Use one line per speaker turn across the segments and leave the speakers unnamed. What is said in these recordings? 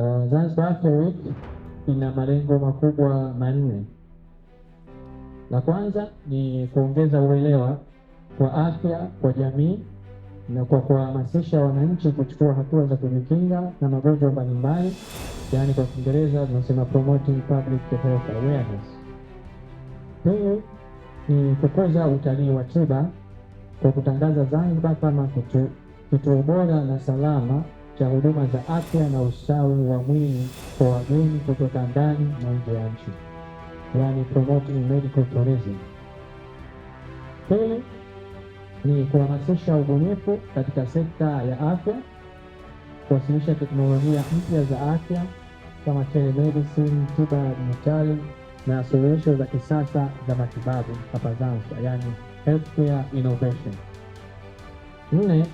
Uh, Zanzibar Afya Week ina malengo makubwa manne. La kwanza ni kuongeza uelewa kwa afya kwa jamii na kwa kuhamasisha wananchi kuchukua hatua za kujikinga na magonjwa mbalimbali, yaani kwa Kiingereza tunasema promoting public health awareness. Pili ni kukuza utalii wa tiba kwa kutangaza Zanzibar kama kituo bora na salama cha huduma za afya na ustawi wa mwili kwa wageni kutoka ndani na nje ya nchi, yaani promoting medical tourism. Pili ni kuhamasisha ubunifu katika sekta ya afya, kuwasilisha teknolojia mpya za afya kama telemedicine, tiba ya dijitali na suluhisho za kisasa za matibabu hapa Zanzibar, yaani healthcare innovation. Nne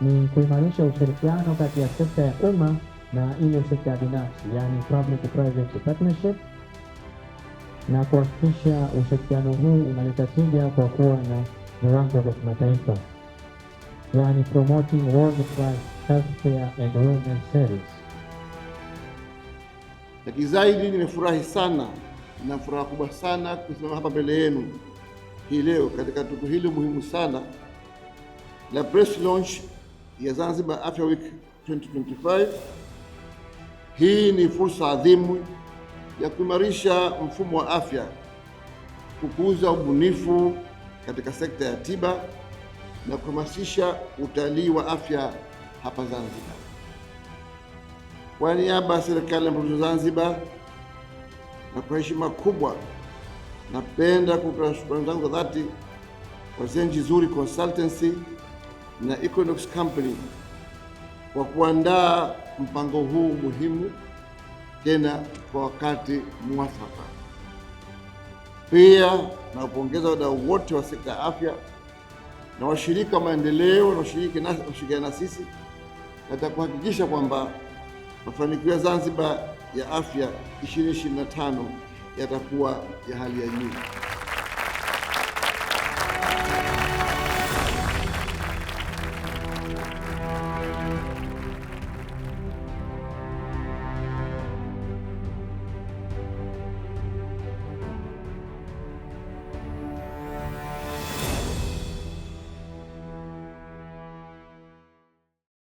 ni kuimarisha ushirikiano kati ya sekta ya umma na ile sekta ya binafsi, yani public private partnership, na kuhakikisha ushirikiano huu unaleta tija kwa kuwa na viwango vya kimataifa, yani promoting world-class healthcare and wellness service.
Lakini zaidi nimefurahi sana na furaha kubwa sana kusimama hapa mbele yenu hii leo katika tukio hili muhimu sana la press launch ya Zanzibar Afya Week 2025. Hii ni fursa adhimu ya kuimarisha mfumo wa afya, kukuza ubunifu katika sekta ya tiba na kuhamasisha utalii wa afya hapa Zanzibar. Kwa niaba ya serikali ya Mapinduzi Zanzibar na kwa heshima kubwa, napenda kutoa shukrani zangu za dhati kwa Zenji Zuri Consultancy na Equinox Company kwa kuandaa mpango huu muhimu tena kwa wakati mwafaka. Pia na kupongeza wadau wote wa sekta ya afya na washirika wa maendeleo wanaoshirikiana na sisi katika kuhakikisha kwamba mafanikio ya Zanzibar ya afya 2025 yatakuwa ya hali ya juu.